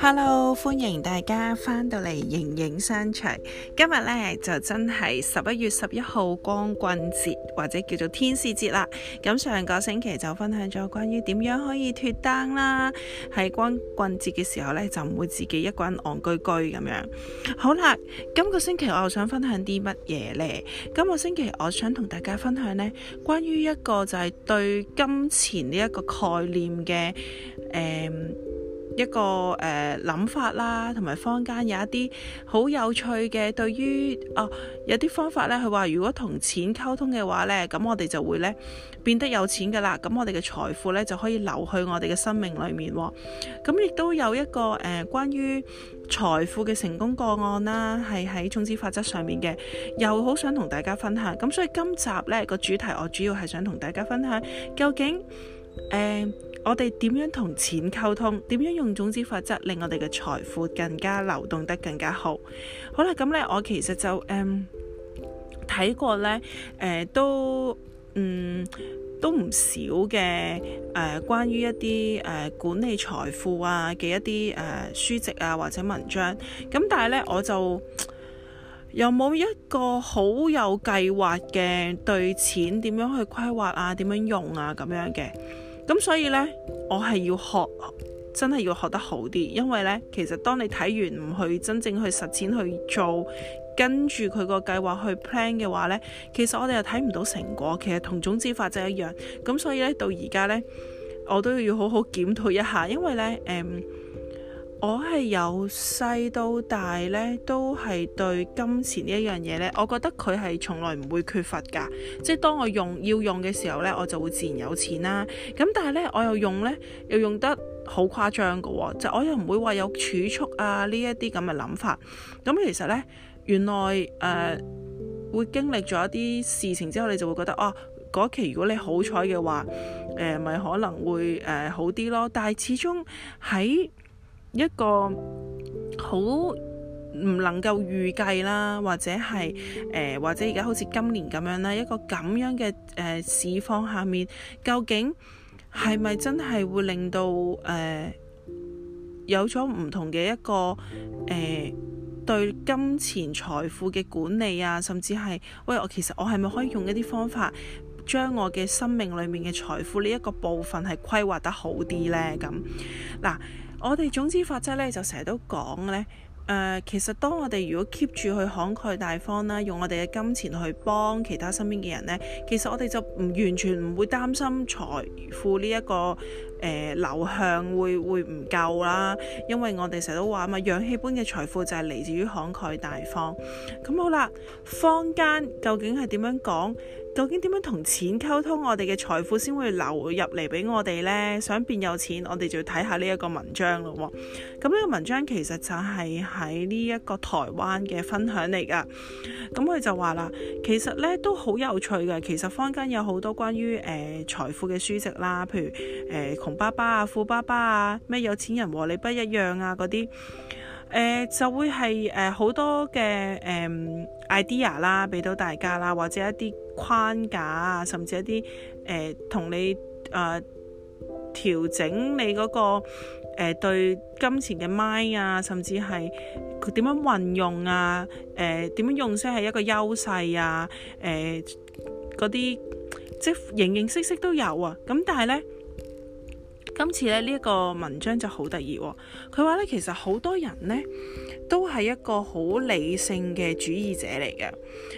Hello，歡迎大家翻到嚟盈盈商場。今日呢，就真係十一月十一號光棍節，或者叫做天使節啦。咁上個星期就分享咗關於點樣可以脱單啦。喺光棍節嘅時候呢，就唔會自己一個人戇居居咁樣。好啦，今個星期我又想分享啲乜嘢呢？今個星期我想同大家分享呢，關於一個就係對金錢呢一個概念嘅，誒。嗯一個誒諗、呃、法啦，同埋坊間有一啲好有趣嘅，對於哦有啲方法呢，佢話如果同錢溝通嘅話呢，咁我哋就會呢變得有錢㗎喇，咁我哋嘅財富呢，就可以流去我哋嘅生命裏面喎。咁、哦、亦都有一個誒、呃、關於財富嘅成功個案啦，係喺種子法則上面嘅，又好想同大家分享。咁所以今集呢個主題，我主要係想同大家分享究竟、呃我哋點樣同錢溝通？點樣用種子法則令我哋嘅財富更加流動得更加好？好啦，咁呢，我其實就誒睇、嗯、過呢，呃、都嗯都唔少嘅誒、呃、關於一啲、呃、管理財富啊嘅一啲誒、呃、書籍啊或者文章，咁但係呢，我就又冇一個好有計劃嘅對錢點樣去規劃啊，點樣用啊咁樣嘅。咁所以呢，我係要學，真係要學得好啲，因為呢，其實當你睇完唔去真正去實踐去做，跟住佢個計劃去 plan 嘅話呢，其實我哋又睇唔到成果，其實同種子法則一樣。咁所以呢，到而家呢，我都要好好檢討一下，因為呢，誒、嗯。我係由細到大呢，都係對金錢呢一樣嘢呢，我覺得佢係從來唔會缺乏㗎。即係當我用要用嘅時候呢，我就會自然有錢啦、啊。咁但係呢，我又用呢，又用得好誇張㗎、哦，就我又唔會話有儲蓄啊呢一啲咁嘅諗法。咁其實呢，原來誒、呃、會經歷咗一啲事情之後，你就會覺得哦，嗰期如果你好彩嘅話，咪、呃、可能會誒、呃、好啲咯。但係始終喺一個好唔能夠預計啦，或者係誒、呃，或者而家好似今年咁樣啦，一個咁樣嘅誒、呃、市況下面，究竟係咪真係會令到誒、呃、有咗唔同嘅一個誒、呃、對金錢財富嘅管理啊，甚至係喂，我其實我係咪可以用一啲方法將我嘅生命裏面嘅財富呢一個部分係規劃得好啲呢？咁嗱。我哋總之法則咧，就成日都講咧。誒、呃，其實當我哋如果 keep 住去慷慨大方啦，用我哋嘅金錢去幫其他身邊嘅人咧，其實我哋就唔完全唔會擔心財富呢、這、一個誒、呃、流向會會唔夠啦。因為我哋成日都話嘛，氧氣般嘅財富就係嚟自於慷慨大方。咁好啦，坊間究竟係點樣講？究竟點樣同錢溝通？我哋嘅財富先會流入嚟俾我哋呢？想變有錢，我哋就要睇下呢一個文章咯。咁、嗯、呢、呢個文章其實就係喺呢一個台灣嘅分享嚟噶。咁、嗯、佢就話啦，其實呢都好有趣嘅。其實坊間有好多關於誒、呃、財富嘅書籍啦，譬如誒、呃、窮爸爸啊、富爸爸啊、咩有錢人和你不一樣啊嗰啲。誒、呃、就會係誒好多嘅誒、呃、idea 啦，俾到大家啦，或者一啲框架啊，甚至一啲誒同你誒調、呃、整你嗰、那個誒、呃、對金錢嘅 mind 啊，甚至係點樣運用啊，誒、呃、點樣用先係一個優勢啊，誒嗰啲即係形形色色都有啊，咁但係咧。今次呢呢一個文章就好得意喎，佢話呢，其實好多人呢都係一個好理性嘅主義者嚟嘅，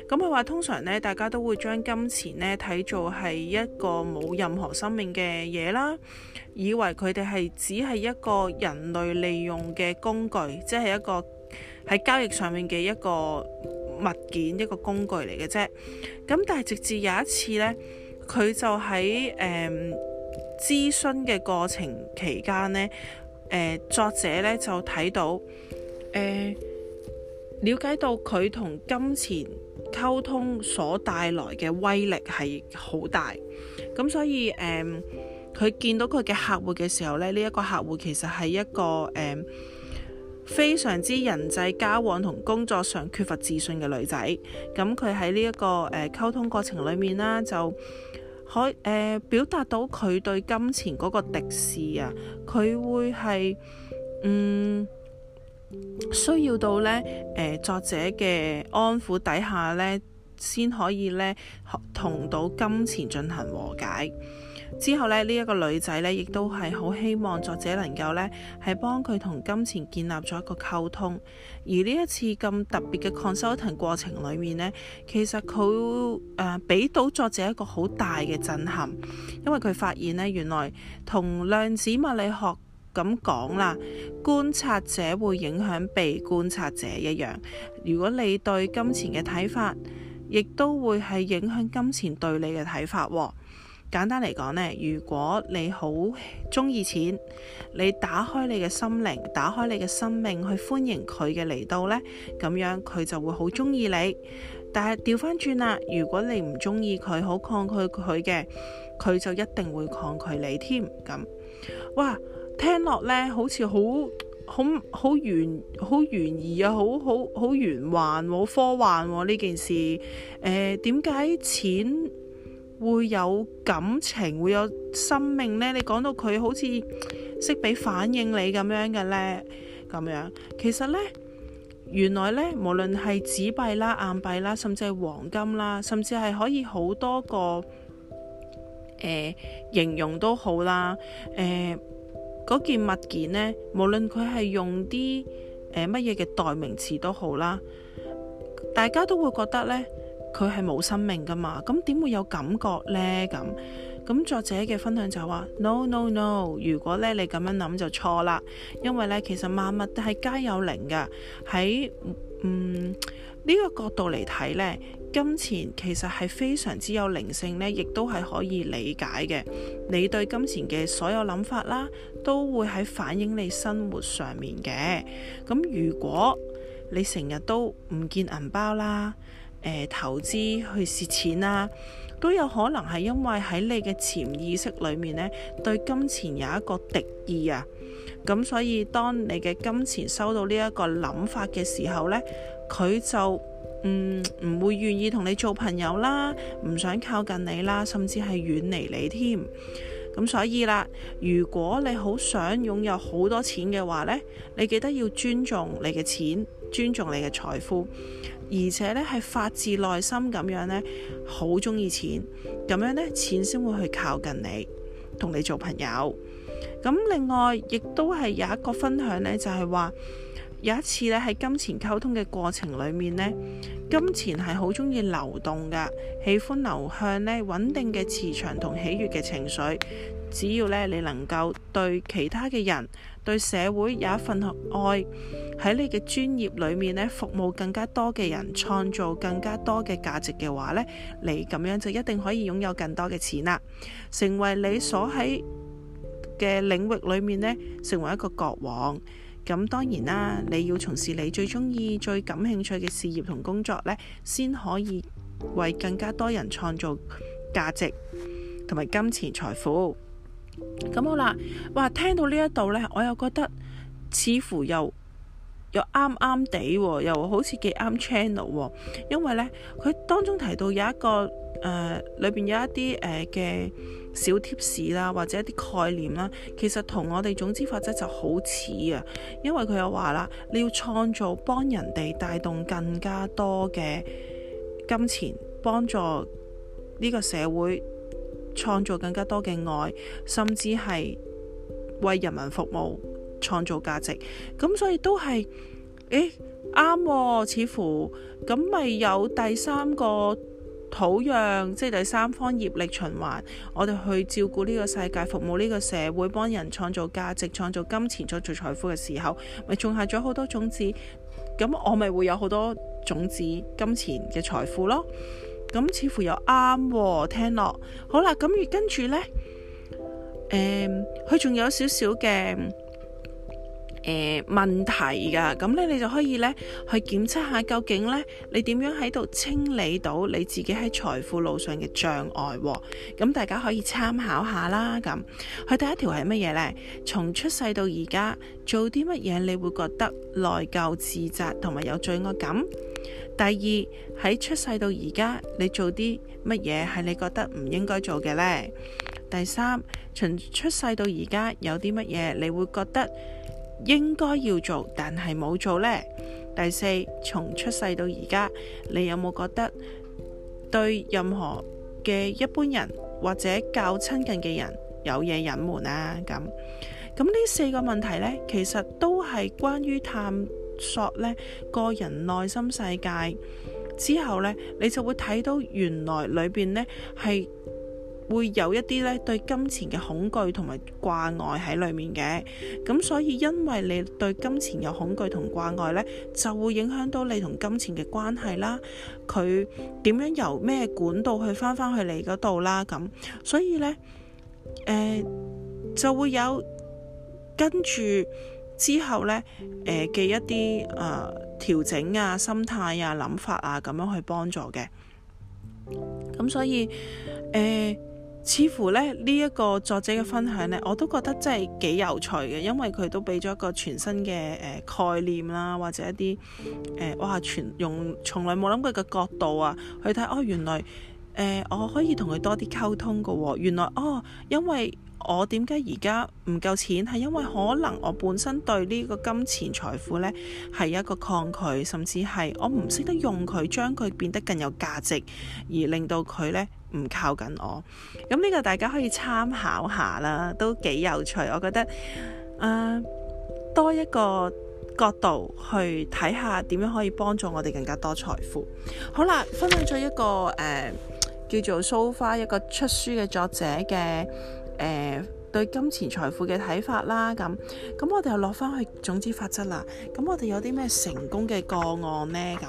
咁佢話通常呢，大家都會將金錢呢睇做係一個冇任何生命嘅嘢啦，以為佢哋係只係一個人類利用嘅工具，即係一個喺交易上面嘅一個物件一個工具嚟嘅啫。咁但係直至有一次呢，佢就喺誒，嗯諮詢嘅過程期間呢，誒、呃、作者呢就睇到，誒、呃、瞭解到佢同金錢溝通所帶來嘅威力係好大，咁所以誒佢、呃、見到佢嘅客戶嘅時候呢，呢、這個、一個客戶其實係一個誒非常之人際交往同工作上缺乏自信嘅女仔，咁佢喺呢一個誒、呃、溝通過程裡面啦就。可誒、呃、表達到佢對金錢嗰個敵視啊，佢會係嗯需要到咧誒、呃、作者嘅安撫底下咧，先可以咧同到金錢進行和解。之後呢，呢、這、一個女仔呢，亦都係好希望作者能夠呢，係幫佢同金錢建立咗一個溝通。而呢一次咁特別嘅 consulting 過程裏面呢，其實佢誒俾到作者一個好大嘅震撼，因為佢發現呢，原來同量子物理學咁講啦，觀察者會影響被觀察者一樣。如果你對金錢嘅睇法，亦都會係影響金錢對你嘅睇法喎、哦。簡單嚟講呢，如果你好中意錢，你打開你嘅心靈，打開你嘅生命，去歡迎佢嘅嚟到呢，咁樣佢就會好中意你。但係調翻轉啦，如果你唔中意佢，好抗拒佢嘅，佢就一定會抗拒你添。咁，哇，聽落呢好似好好好懸好懸疑啊，好好好玄幻好科幻喎呢件事。誒、呃，點解錢，會有感情，會有生命呢？你講到佢好似識俾反應你咁樣嘅呢，咁樣其實呢，原來呢，無論係紙幣啦、硬幣啦，甚至係黃金啦，甚至係可以好多個、呃、形容都好啦，呃、嗰件物件呢，無論佢係用啲乜嘢嘅代名詞都好啦，大家都會覺得呢。佢係冇生命噶嘛，咁點會有感覺呢？咁咁作者嘅分享就話，no no no，如果咧你咁樣諗就錯啦，因為咧其實萬物都係皆有靈嘅。喺嗯呢個角度嚟睇呢，金錢其實係非常之有靈性呢，亦都係可以理解嘅。你對金錢嘅所有諗法啦，都會喺反映你生活上面嘅。咁如果你成日都唔見銀包啦，嗯、投資去蝕錢啦、啊，都有可能係因為喺你嘅潛意識裏面呢，對金錢有一個敵意啊！咁所以當你嘅金錢收到呢一個諗法嘅時候呢，佢就唔唔、嗯、會願意同你做朋友啦，唔想靠近你啦，甚至係遠離你添。咁所以啦，如果你好想擁有好多錢嘅話呢，你記得要尊重你嘅錢。尊重你嘅財富，而且咧係發自內心咁樣呢，好中意錢，咁樣呢，錢先會去靠近你，同你做朋友。咁另外亦都係有一個分享呢，就係話有一次咧喺金錢溝通嘅過程裏面呢，金錢係好中意流動噶，喜歡流向呢穩定嘅磁場同喜悦嘅情緒。只要呢，你能夠對其他嘅人。對社會有一份愛，喺你嘅專業裏面咧，服務更加多嘅人，創造更加多嘅價值嘅話呢，你咁樣就一定可以擁有更多嘅錢啦，成為你所喺嘅領域裏面呢，成為一個國王。咁當然啦，你要從事你最鍾意、最感興趣嘅事業同工作呢，先可以為更加多人創造價值同埋金錢財富。咁好啦，哇！聽到呢一度呢，我又覺得似乎又又啱啱地喎，又好似幾啱 channel 喎。因為呢，佢當中提到有一個誒，裏邊有一啲誒嘅小貼士啦，或者一啲概念啦，其實同我哋總之法則就好似啊。因為佢有話啦，你要創造幫人哋帶動更加多嘅金錢，幫助呢個社會。創造更加多嘅愛，甚至係為人民服務、創造價值。咁所以都係，誒啱、喎，似乎咁咪有第三個土壤，即係第三方業力循環。我哋去照顧呢個世界、服務呢個社會、幫人創造價值、創造金錢、創造財富嘅時候，咪種下咗好多種子。咁我咪會有好多種子、金錢嘅財富咯。咁似乎又啱喎，聽落好啦，咁跟住呢，佢、呃、仲有少少嘅誒問題噶，咁呢你就可以呢去檢測下究竟呢你點樣喺度清理到你自己喺財富路上嘅障礙，咁大家可以參考下啦，咁佢第一條係乜嘢呢？從出世到而家做啲乜嘢你會覺得內疚、自責同埋有罪惡感？第二喺，出世到而家，你做啲乜嘢係你覺得唔應該做嘅咧？第三，從出世到而家有啲乜嘢你會覺得應該要做但係冇做咧？第四，從出世到而家，你有冇覺得對任何嘅一般人或者較親近嘅人有嘢隱瞞啊？咁咁呢四個問題咧，其實都係關於探。索呢個人內心世界之後呢，你就會睇到原來裏邊呢，係會有一啲呢對金錢嘅恐懼同埋掛礙喺裏面嘅。咁所以因為你對金錢有恐懼同掛礙呢，就會影響到你同金錢嘅關係啦。佢點樣由咩管道去翻返去你嗰度啦？咁所以呢，誒、呃、就會有跟住。之後呢，誒、呃、嘅一啲啊、呃、調整啊、心態啊、諗法啊，咁樣去幫助嘅。咁所以誒、呃，似乎呢呢一、這個作者嘅分享呢，我都覺得真係幾有趣嘅，因為佢都俾咗一個全新嘅誒、呃、概念啦、啊，或者一啲誒、呃、哇全用從來冇諗過嘅角度啊去睇哦，原來、呃、我可以同佢多啲溝通嘅喎、啊，原來哦，因為。我點解而家唔夠錢，係因為可能我本身對呢個金錢財富呢係一個抗拒，甚至係我唔識得用佢，將佢變得更有價值，而令到佢呢唔靠緊我。咁呢個大家可以參考下啦，都幾有趣。我覺得誒，多一個角度去睇下點樣可以幫助我哋更加多財富。好啦，分享咗一個誒，叫做蘇花一個出書嘅作者嘅。誒、呃，對金錢財富嘅睇法啦，咁咁我哋又落翻去種子法則啦。咁我哋有啲咩成功嘅個案呢？咁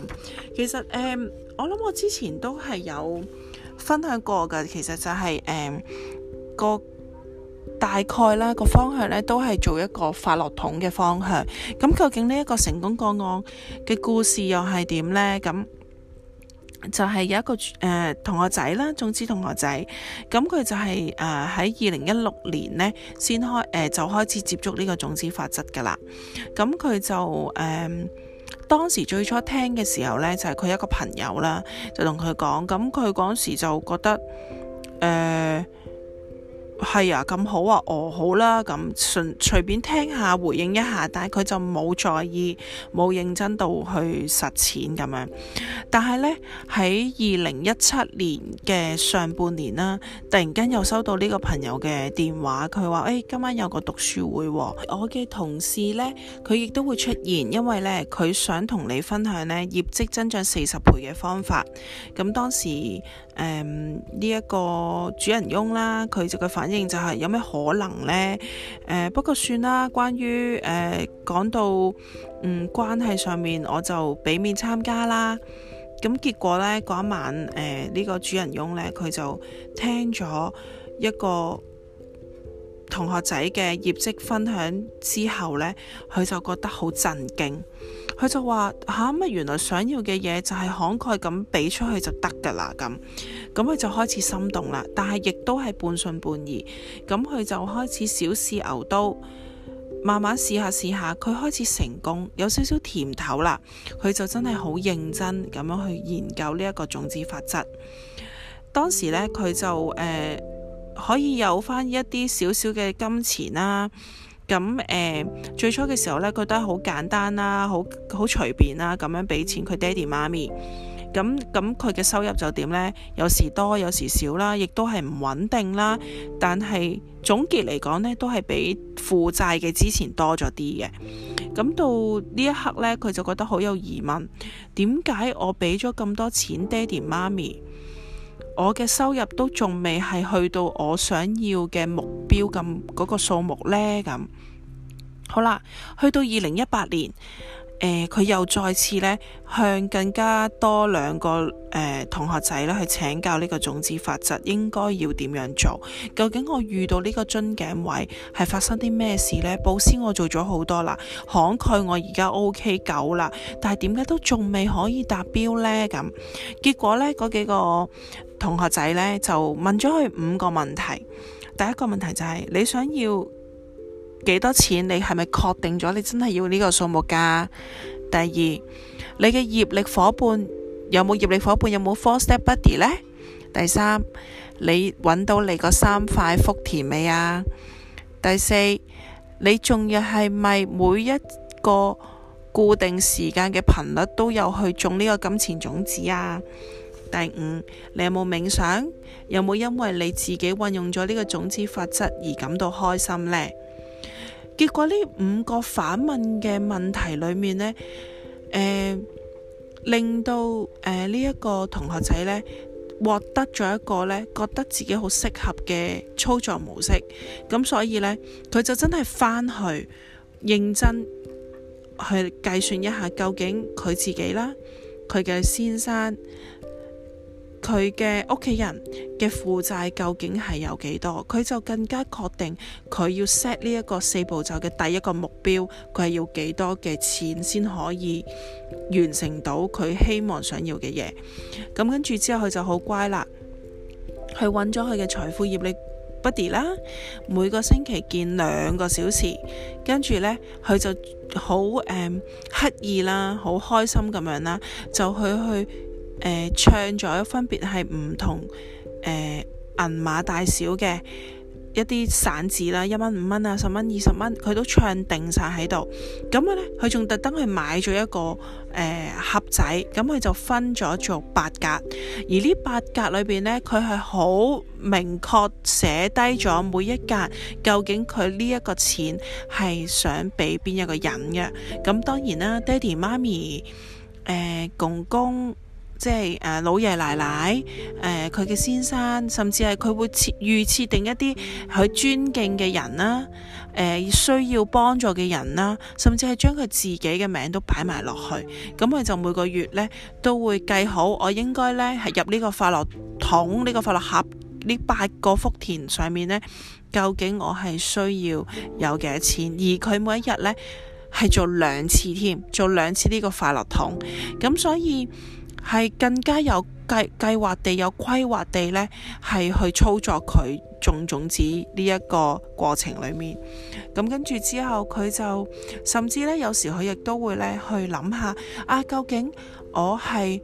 其實誒、呃，我諗我之前都係有分享過噶。其實就係、是、誒、呃、個大概啦，個方向咧，都係做一個發落桶嘅方向。咁究竟呢一個成功個案嘅故事又係點呢？咁。就係有一個誒同學仔啦，種、呃、子同學仔，咁佢就係誒喺二零一六年呢，先開誒、呃、就開始接觸呢個種子法則噶啦，咁佢就誒、呃、當時最初聽嘅時候呢，就係、是、佢一個朋友啦，就同佢講，咁佢嗰時就覺得誒。呃係啊，咁好啊，哦，好啦，咁隨隨便聽下，回應一下，但係佢就冇在意，冇認真到去實踐咁樣。但係呢，喺二零一七年嘅上半年啦，突然間又收到呢個朋友嘅電話，佢話：誒、哎，今晚有個讀書會喎。我嘅同事呢，佢亦都會出現，因為呢，佢想同你分享呢業績增長四十倍嘅方法。咁當時。誒呢一個主人翁啦，佢就嘅反應就係有咩可能呢？呃、誒不過算啦。關於誒講到嗯，關係上面，我就俾面參加啦。咁結果呢，嗰一晚，誒、呃、呢、呢個主人翁呢，佢就聽咗一個。同學仔嘅業績分享之後呢，佢就覺得好震驚，佢就話，嚇，乜，原來想要嘅嘢就係慷慨咁俾出去就得㗎啦。咁，咁佢就開始心動啦，但係亦都係半信半疑，咁佢就開始小試牛刀，慢慢試下試下，佢開始成功，有少少甜頭啦，佢就真係好認真咁樣去研究呢一個種子法則。當時呢，佢就誒。呃可以有翻一啲少少嘅金錢啦，咁誒、呃、最初嘅時候呢，覺得好簡單啦，好好隨便啦，咁樣俾錢佢爹哋媽咪，咁咁佢嘅收入就點呢？有時多，有時少啦，亦都係唔穩定啦。但係總結嚟講呢，都係比負債嘅之前多咗啲嘅。咁到呢一刻呢，佢就覺得好有疑問，點解我俾咗咁多錢爹哋媽咪？我嘅收入都仲未係去到我想要嘅目標咁嗰個數目呢。咁好啦，去到二零一八年。誒、佢、呃、又再次呢向更加多兩個誒、呃、同學仔呢去請教呢個種子法則應該要點樣做？究竟我遇到呢個樽頸位係發生啲咩事呢？布施我做咗好多啦，慷慨我而家 O K 九啦，但係點解都仲未可以達標呢？咁結果呢，嗰幾個同學仔呢就問咗佢五個問題，第一個問題就係、是、你想要。幾多錢？你係咪確定咗？你真係要呢個數目噶？第二，你嘅業力夥伴有冇業力夥伴？有冇 four step buddy 呢？第三，你搵到你個三塊福田未啊？第四，你仲要係咪每一個固定時間嘅頻率都有去種呢個金錢種子啊？第五，你有冇冥想？有冇因為你自己運用咗呢個種子法則而感到開心呢？結果呢五個反問嘅問題裏面呢，呃、令到呢一、呃呢個同學仔呢獲得咗一個呢覺得自己好適合嘅操作模式，咁所以呢，佢就真係返去認真去計算一下究竟佢自己啦，佢嘅先生。佢嘅屋企人嘅負債究竟係有幾多？佢就更加確定佢要 set 呢一個四步驟嘅第一個目標，佢係要幾多嘅錢先可以完成到佢希望想要嘅嘢。咁跟住之後，佢就好乖啦。佢揾咗佢嘅財富業力 buddy 啦，Buddy，每個星期見兩個小時。跟住呢，佢就好誒、um，刻意啦，好開心咁樣啦，就去去。誒、呃、唱咗分別係唔同誒銀碼大小嘅一啲散紙啦，一蚊五蚊啊，十蚊二十蚊，佢都唱定晒喺度。咁佢呢，佢仲特登去買咗一個誒、呃、盒仔，咁佢就分咗做八格。而呢八格裏邊呢，佢係好明確寫低咗每一格究竟佢呢一個錢係想俾邊一個人嘅。咁當然啦，爹哋媽咪誒、呃、公公。即係誒，老爺奶奶誒，佢、呃、嘅先生，甚至係佢會設預設定一啲佢尊敬嘅人啦，誒、呃、需要幫助嘅人啦，甚至係將佢自己嘅名都擺埋落去。咁佢就每個月呢都會計好，我應該呢係入呢個快樂桶呢、呢個快樂盒呢八個福田上面呢，究竟我係需要有幾多錢？而佢每一日呢係做兩次添，做兩次呢個快樂桶，咁所以。係更加有計計劃地、有規劃地呢，係去操作佢種種子呢一個過程裏面。咁、嗯、跟住之後，佢就甚至呢，有時佢亦都會呢去諗下啊，究竟我係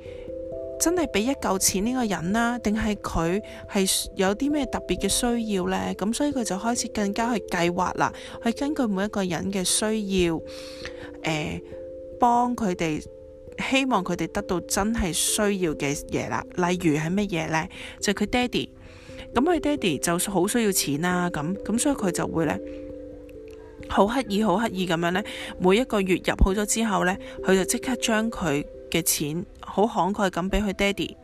真係俾一嚿錢呢個人啦，定係佢係有啲咩特別嘅需要呢？嗯，咁所以佢就開始更加去計劃啦，去根據每一個人嘅需要，誒、呃、幫佢哋。希望佢哋得到真係需要嘅嘢啦，例如係乜嘢呢？就係佢爹哋咁，佢爹哋就好需要錢啦、啊。咁咁，所以佢就會呢，好刻意、好刻意咁樣呢。每一個月入好咗之後呢，佢就即刻將佢。嘅錢好慷慨咁俾佢爹哋，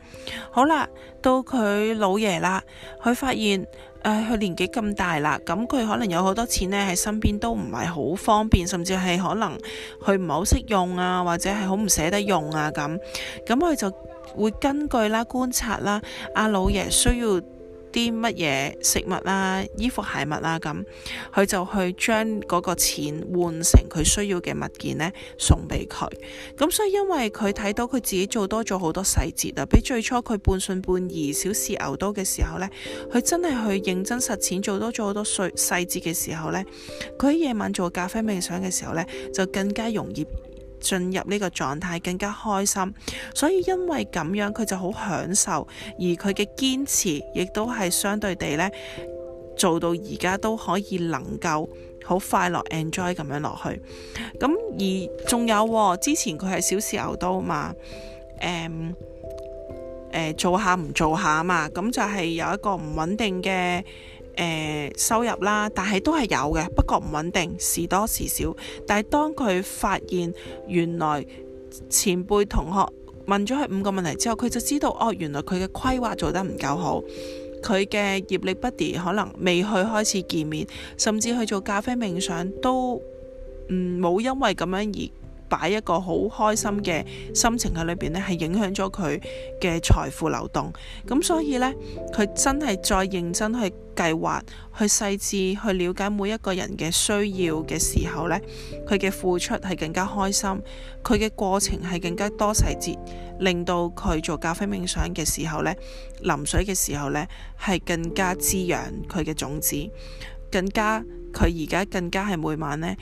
好啦，到佢老爺啦，佢發現誒，佢、呃、年紀咁大啦，咁佢可能有好多錢呢喺身邊都唔係好方便，甚至係可能佢唔係好識用啊，或者係好唔捨得用啊咁，咁佢就會根據啦觀察啦，阿老爺需要。啲乜嘢食物啊、衣服鞋物啊咁，佢就去將嗰個錢換成佢需要嘅物件呢，送俾佢。咁所以因為佢睇到佢自己做多咗好多細節啊，比最初佢半信半疑，小事牛多嘅時候呢，佢真係去認真實踐，做多咗好多細細節嘅時候呢，佢喺夜晚做咖啡冥想嘅時候呢，就更加容易。進入呢個狀態更加開心，所以因為咁樣佢就好享受，而佢嘅堅持亦都係相對地呢，做到而家都可以能夠好快樂 enjoy 咁樣落去。咁而仲有、哦、之前佢係小時候刀嘛、嗯嗯、做下唔做下嘛，咁就係有一個唔穩定嘅。呃、收入啦，但係都係有嘅，不過唔穩定，時多時少。但係當佢發現原來前輩同學問咗佢五個問題之後，佢就知道哦，原來佢嘅規劃做得唔夠好，佢嘅業力不低可能未去開始見面，甚至去做咖啡冥想都唔冇、嗯、因為咁樣而。擺一個好開心嘅心情喺裏邊呢，係影響咗佢嘅財富流動。咁所以呢，佢真係再認真去計劃，去細緻去了解每一個人嘅需要嘅時候呢，佢嘅付出係更加開心，佢嘅過程係更加多細節，令到佢做咖啡冥想嘅時候呢，淋水嘅時候呢係更加滋養佢嘅種子。更加佢而家更加係每晚呢，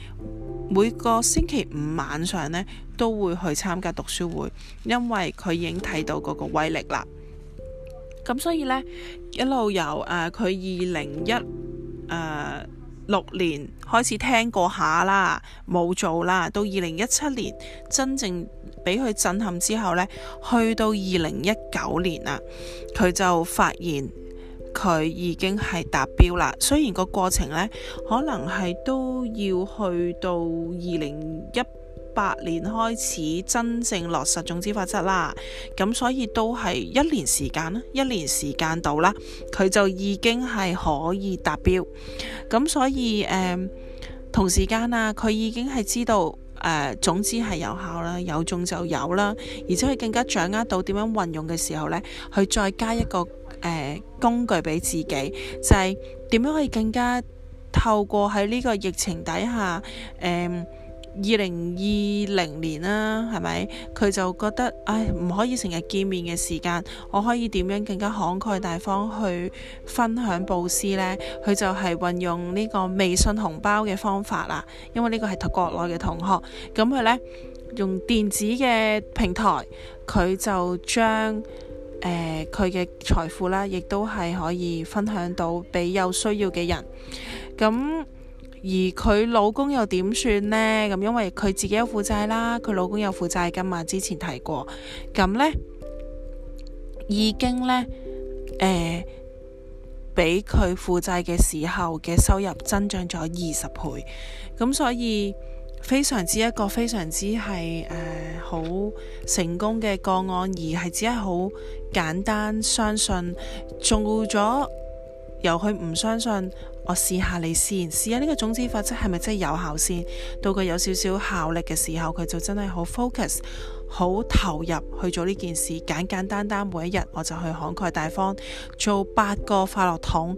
每個星期五晚上呢，都會去參加讀書會，因為佢已經睇到嗰個威力啦。咁所以呢，一路由誒佢二零一誒六年開始聽過下啦，冇做啦，到二零一七年真正俾佢震撼之後呢，去到二零一九年啊，佢就發現。佢已經係達標啦，雖然個過程呢，可能係都要去到二零一八年開始真正落實種子法則啦，咁、嗯、所以都係一年時間啦，一年時間到啦，佢就已經係可以達標，咁、嗯、所以誒、嗯、同時間啊，佢已經係知道誒種子係有效啦，有種就有啦，而且佢更加掌握到點樣運用嘅時候呢，佢再加一個。誒、呃、工具俾自己，就係、是、點樣可以更加透過喺呢個疫情底下，誒二零二零年啦，係咪？佢就覺得，唉、哎，唔可以成日見面嘅時間，我可以點樣更加慷慨大方去分享佈施呢？佢就係運用呢個微信紅包嘅方法啦，因為呢個係國內嘅同學，咁佢呢，用電子嘅平台，佢就將。誒，佢嘅財富啦，亦都係可以分享到俾有需要嘅人。咁、嗯、而佢老公又點算呢？咁、嗯、因為佢自己有負債啦，佢老公有負債噶嘛。之前提過咁、嗯、呢已經呢，誒、呃，俾佢負債嘅時候嘅收入增長咗二十倍。咁、嗯、所以。非常之一個非常之係誒好成功嘅個案，而係只係好簡單相信做咗，由佢唔相信，我試下你先，試下呢個種子法則係咪真係有效先？到佢有少少效力嘅時候，佢就真係好 focus。好投入去做呢件事，簡簡單單，每一日我就去慷慨大方做八個快樂桶，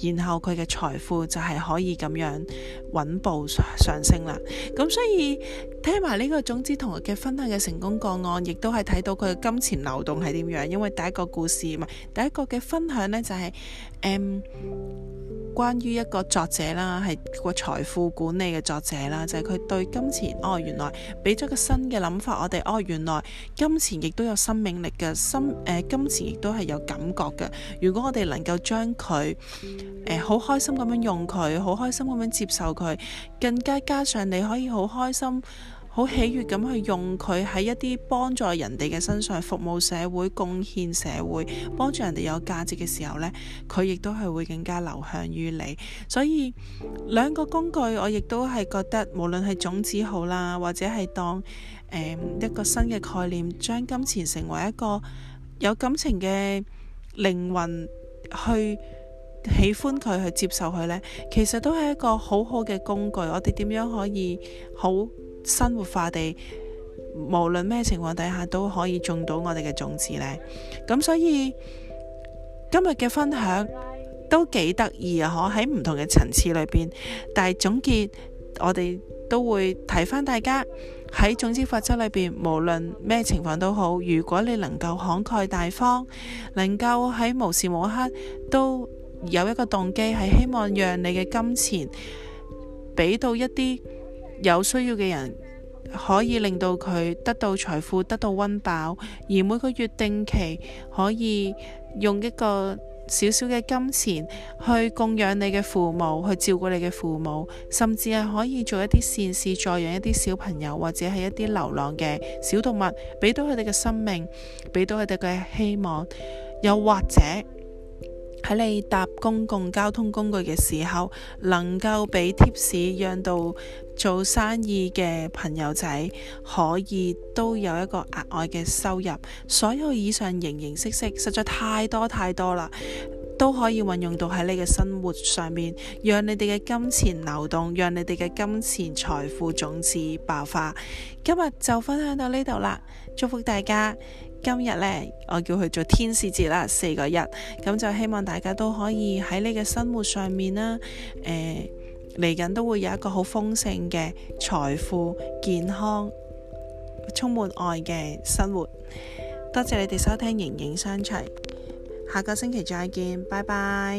然後佢嘅財富就係可以咁樣穩步上升啦。咁所以聽埋呢個種子同學嘅分享嘅成功個案，亦都係睇到佢嘅金錢流動係點樣，因為第一個故事嘛，第一個嘅分享呢、就係，就、嗯、係關於一個作者啦，係個財富管理嘅作者啦，就係、是、佢對金錢哦，原來俾咗個新嘅諗法，我哋哦原來金錢亦都有生命力嘅，呃，金誒金錢亦都係有感覺嘅。如果我哋能夠將佢誒好開心咁樣用佢，好開心咁樣接受佢，更加加上你可以好開心。好喜悅咁去用佢喺一啲幫助人哋嘅身上，服務社會、貢獻社會、幫助人哋有價值嘅時候咧，佢亦都係會更加流向於你。所以兩個工具，我亦都係覺得，無論係種子好啦，或者係當誒、呃、一個新嘅概念，將金錢成為一個有感情嘅靈魂去喜歡佢，去接受佢咧，其實都係一個好好嘅工具。我哋點樣可以好？生活化地，無論咩情況底下都可以種到我哋嘅種子呢。咁所以今日嘅分享都幾得意啊！可喺唔同嘅層次裏邊，但係總結我哋都會提翻大家喺種子法則裏邊，無論咩情況都好。如果你能夠慷慨大方，能夠喺無時無刻都有一個動機，係希望讓你嘅金錢俾到一啲。有需要嘅人可以令到佢得到財富，得到溫飽，而每個月定期可以用一個少少嘅金錢去供養你嘅父母，去照顧你嘅父母，甚至係可以做一啲善事，助養一啲小朋友或者係一啲流浪嘅小動物，俾到佢哋嘅生命，俾到佢哋嘅希望，又或者。喺你搭公共交通工具嘅時候，能夠俾貼士讓到做生意嘅朋友仔可以都有一個額外嘅收入。所有以上形形色色，實在太多太多啦，都可以運用到喺你嘅生活上面，讓你哋嘅金錢流動，讓你哋嘅金錢財富種子爆發。今日就分享到呢度啦，祝福大家。今日呢，我叫佢做天使節啦，四個日，咁就希望大家都可以喺你嘅生活上面啦，誒嚟緊都會有一個好豐盛嘅財富、健康、充滿愛嘅生活。多謝你哋收聽形影相隨，下個星期再見，拜拜。